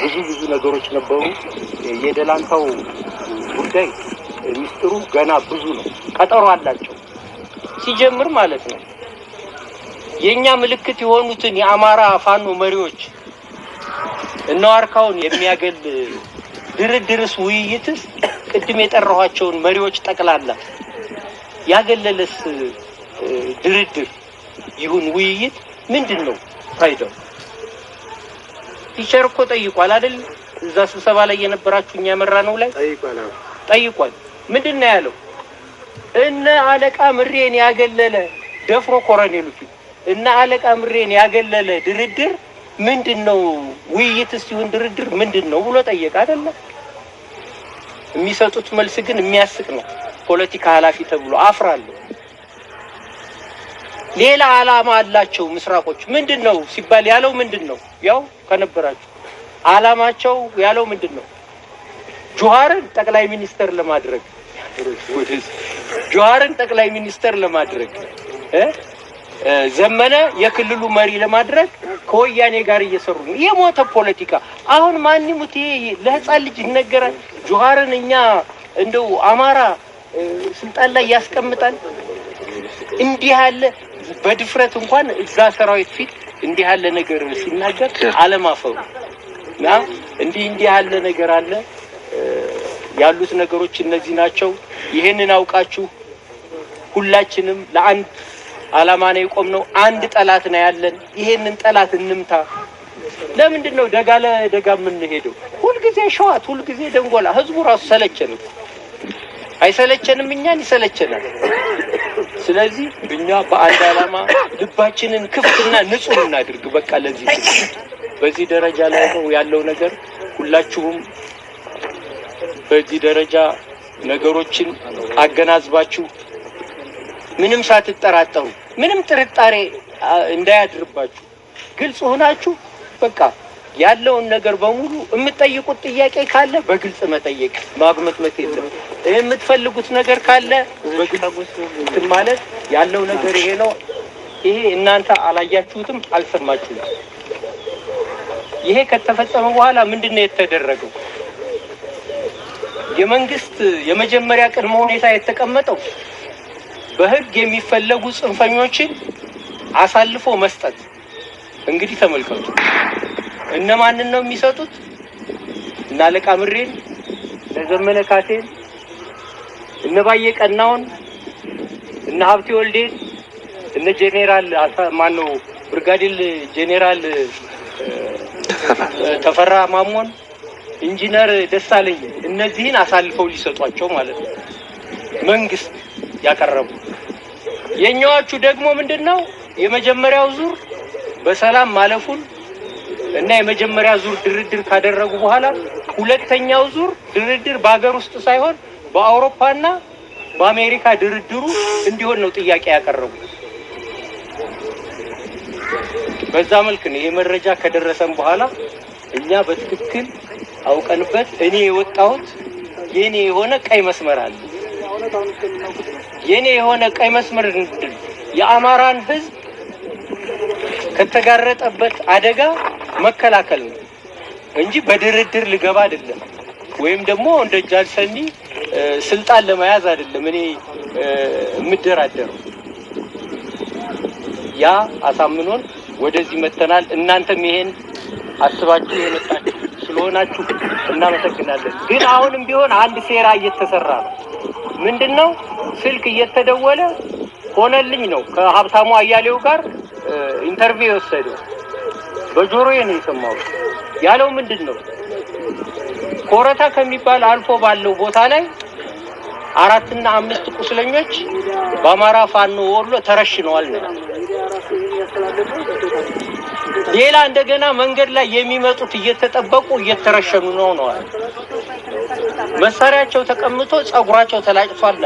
ብዙ ብዙ ነገሮች ነበሩ። የደላንታው ጉዳይ ሚስጥሩ ገና ብዙ ነው። ቀጠሮ አላቸው ሲጀምር ማለት ነው። የእኛ ምልክት የሆኑትን የአማራ ፋኖ መሪዎች እነዋርካውን የሚያገል ድርድርስ፣ ውይይትስ ቅድም የጠራኋቸውን መሪዎች ጠቅላላ ያገለለስ ድርድር ይሁን ውይይት ምንድን ነው ፋይዳው? ቲቸር እኮ ጠይቋል አይደል? እዛ ስብሰባ ላይ የነበራችሁ እኛ መራ ነው ላይ ጠይቋል። ምንድን ነው ያለው? እነ አለቃ ምሬን ያገለለ ደፍሮ ኮረኔሎች እነ አለቃ ምሬን ያገለለ ድርድር ምንድን ነው? ውይይት ሲሆን ድርድር ምንድን ነው ብሎ ጠየቀ አይደለ? የሚሰጡት መልስ ግን የሚያስቅ ነው። ፖለቲካ ኃላፊ ተብሎ አፍራለሁ። ሌላ አላማ አላቸው ምስራቆች። ምንድን ነው ሲባል ያለው ምንድን ነው ያው ከነበራቸው አላማቸው ያለው ምንድን ነው? ጆሃርን ጠቅላይ ሚኒስተር ለማድረግ ጆሃርን ጠቅላይ ሚኒስተር ለማድረግ ዘመነ የክልሉ መሪ ለማድረግ ከወያኔ ጋር እየሰሩ ነው። የሞተ ፖለቲካ አሁን ማንሙት ይሄ ለህፃን ልጅ ይነገራል። ጆሃርን እኛ እንደው አማራ ስልጣን ላይ ያስቀምጣል እንዲህ ያለ በድፍረት እንኳን እዛ ሰራዊት ፊት እንዲህ ያለ ነገር ሲናገር አለማፈሩ እና እንዲህ እንዲህ ያለ ነገር አለ ያሉት ነገሮች እነዚህ ናቸው። ይህንን አውቃችሁ ሁላችንም ለአንድ አላማ ነው የቆምነው። አንድ ጠላት ነው ያለን። ይሄንን ጠላት እንምታ። ለምንድን ነው ደጋ ለደጋ የምንሄደው? ሁልጊዜ ሸዋት፣ ሁልጊዜ ደንጎላ። ህዝቡ ራሱ ሰለቸን። አይሰለቸንም? እኛን ይሰለቸናል። ስለዚህ እኛ በአንድ ዓላማ ልባችንን ክፍትና ንጹህ እናድርግ። በቃ ለዚህ በዚህ ደረጃ ላይ ነው ያለው ነገር። ሁላችሁም በዚህ ደረጃ ነገሮችን አገናዝባችሁ ምንም ሳትጠራጠሩ ምንም ጥርጣሬ እንዳያድርባችሁ ግልጽ ሆናችሁ በቃ ያለውን ነገር በሙሉ የምትጠይቁት ጥያቄ ካለ በግልጽ መጠየቅ ማጉመጥመጥ የለም። የምትፈልጉት ነገር ካለ በግልጽ ማለት ያለው ነገር ይሄ ነው። ይሄ እናንተ አላያችሁትም፣ አልሰማችሁም። ይሄ ከተፈጸመ በኋላ ምንድን ነው የተደረገው? የመንግስት የመጀመሪያ ቅድመ ሁኔታ የተቀመጠው በህግ የሚፈለጉ ጽንፈኞችን አሳልፎ መስጠት። እንግዲህ ተመልከቱ። እነማንን ነው የሚሰጡት? እነ አለቃ ምሬን፣ እነ ዘመነ ካሴን፣ እነ ባየ ቀናውን፣ እነ ሀብቴ ወልዴን፣ እነ ጄኔራል ማነው ብርጋዴር ጄኔራል ተፈራ ማሞን፣ ኢንጂነር ደሳለኝ እነዚህን አሳልፈው ሊሰጧቸው ማለት ነው መንግስት ያቀረቡ። የኛዎቹ ደግሞ ምንድን ነው የመጀመሪያው ዙር በሰላም ማለፉን እና የመጀመሪያ ዙር ድርድር ካደረጉ በኋላ ሁለተኛው ዙር ድርድር በሀገር ውስጥ ሳይሆን በአውሮፓና በአሜሪካ ድርድሩ እንዲሆን ነው ጥያቄ ያቀረቡት። በዛ መልክ ነው ይሄ መረጃ ከደረሰን በኋላ እኛ በትክክል አውቀንበት እኔ የወጣሁት የኔ የሆነ ቀይ መስመር አለ። የኔ የሆነ ቀይ መስመር የአማራን ሕዝብ ከተጋረጠበት አደጋ መከላከል ነው እንጂ በድርድር ልገባ አይደለም፣ ወይም ደግሞ እንደ ጃል ሰኒ ስልጣን ለመያዝ አይደለም እኔ የምደራደረው። ያ አሳምኖን ወደዚህ መተናል። እናንተም ይሄን አስባችሁ የመጣችሁ ስለሆናችሁ እናመሰግናለን። ግን አሁንም ቢሆን አንድ ሴራ እየተሰራ ነው። ምንድን ነው? ስልክ እየተደወለ ሆነልኝ ነው ከሀብታሙ አያሌው ጋር ኢንተርቪው የወሰደው በጆሮ ነው የሰማሁት። ያለው ምንድን ነው ኮረታ ከሚባል አልፎ ባለው ቦታ ላይ አራትና አምስት ቁስለኞች በአማራ ፋኖ ወሎ ተረሽነዋል ነው። ሌላ እንደገና መንገድ ላይ የሚመጡት እየተጠበቁ እየተረሸኑ ነው ነዋል። መሳሪያቸው ተቀምጦ ጸጉራቸው ተላጭቷል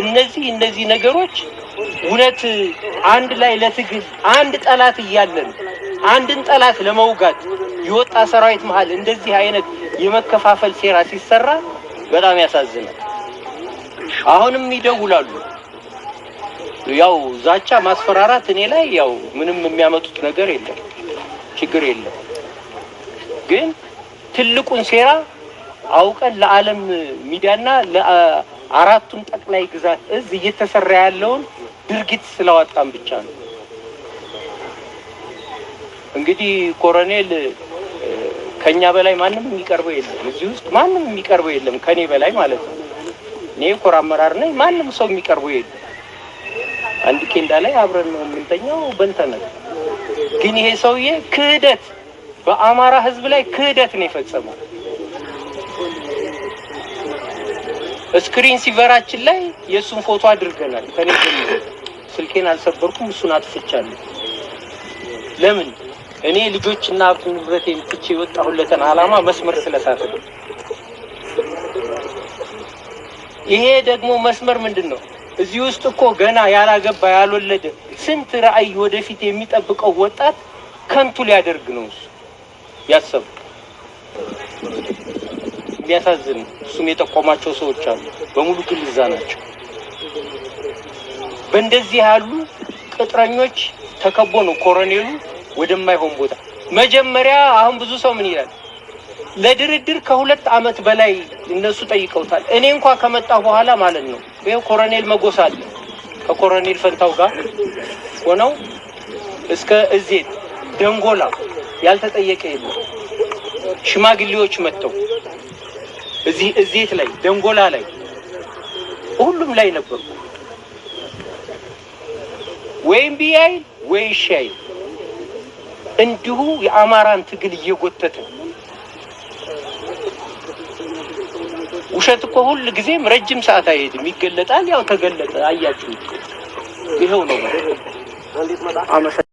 እነዚህ እነዚህ ነገሮች እውነት አንድ ላይ ለትግል አንድ ጠላት እያለን አንድን ጠላት ለመውጋት የወጣ ሰራዊት መሀል እንደዚህ አይነት የመከፋፈል ሴራ ሲሰራ በጣም ያሳዝናል። አሁንም ይደውላሉ። ያው ዛቻ፣ ማስፈራራት እኔ ላይ ያው ምንም የሚያመጡት ነገር የለም፣ ችግር የለም። ግን ትልቁን ሴራ አውቀን ለዓለም ሚዲያና አራቱን ጠቅላይ ግዛት እዝ እየተሰራ ያለውን ድርጊት ስላወጣም ብቻ ነው። እንግዲህ ኮሎኔል ከኛ በላይ ማንም የሚቀርበው የለም። እዚህ ውስጥ ማንም የሚቀርበው የለም፣ ከኔ በላይ ማለት ነው። እኔ ኮር አመራር ነኝ። ማንም ሰው የሚቀርበው የለም። አንድ ኬንዳ ላይ አብረን ነው የምንተኛው። በንተነ ግን ይሄ ሰውዬ ክህደት፣ በአማራ ህዝብ ላይ ክህደት ነው የፈጸመው። ስክሪን ሲቨራችን ላይ የእሱን ፎቶ አድርገናል። ከኔ ስልኬን አልሰበርኩም፣ እሱን አጥፍቻለሁ። ለምን እኔ ልጆችና ሀብት ንብረቴን ትቼ የወጣሁለትን አላማ መስመር ስለሳተ ይሄ ደግሞ መስመር ምንድን ነው? እዚህ ውስጥ እኮ ገና ያላገባ ያልወለደ ስንት ራዕይ ወደፊት የሚጠብቀው ወጣት ከንቱ ሊያደርግ ነው እሱ ያሰቡ የሚያሳዝን እሱም የጠቆማቸው ሰዎች አሉ። በሙሉ ግልዛ ናቸው። በእንደዚህ ያሉ ቅጥረኞች ተከቦ ነው ኮሎኔሉ ወደማይሆን ቦታ መጀመሪያ። አሁን ብዙ ሰው ምን ይላል? ለድርድር ከሁለት አመት በላይ እነሱ ጠይቀውታል። እኔ እንኳ ከመጣ በኋላ ማለት ነው። ይኸው ኮሎኔል መጎሳ አለ ከኮሎኔል ፈንታው ጋር ሆነው እስከ እዜት ደንጎላ ያልተጠየቀ የለም። ሽማግሌዎች መጥተው እዚህ እዚህት ላይ ደንጎላ ላይ ሁሉም ላይ ነበርኩ። ወይ ቢያይ ወይ ሻይ እንዲሁ የአማራን ትግል እየጎተተ ውሸት እኮ ሁል ጊዜም ረጅም ሰዓት አይሄድም፣ ይገለጣል። ያው ተገለጠ፣ አያችሁ፣ ይኸው ነው።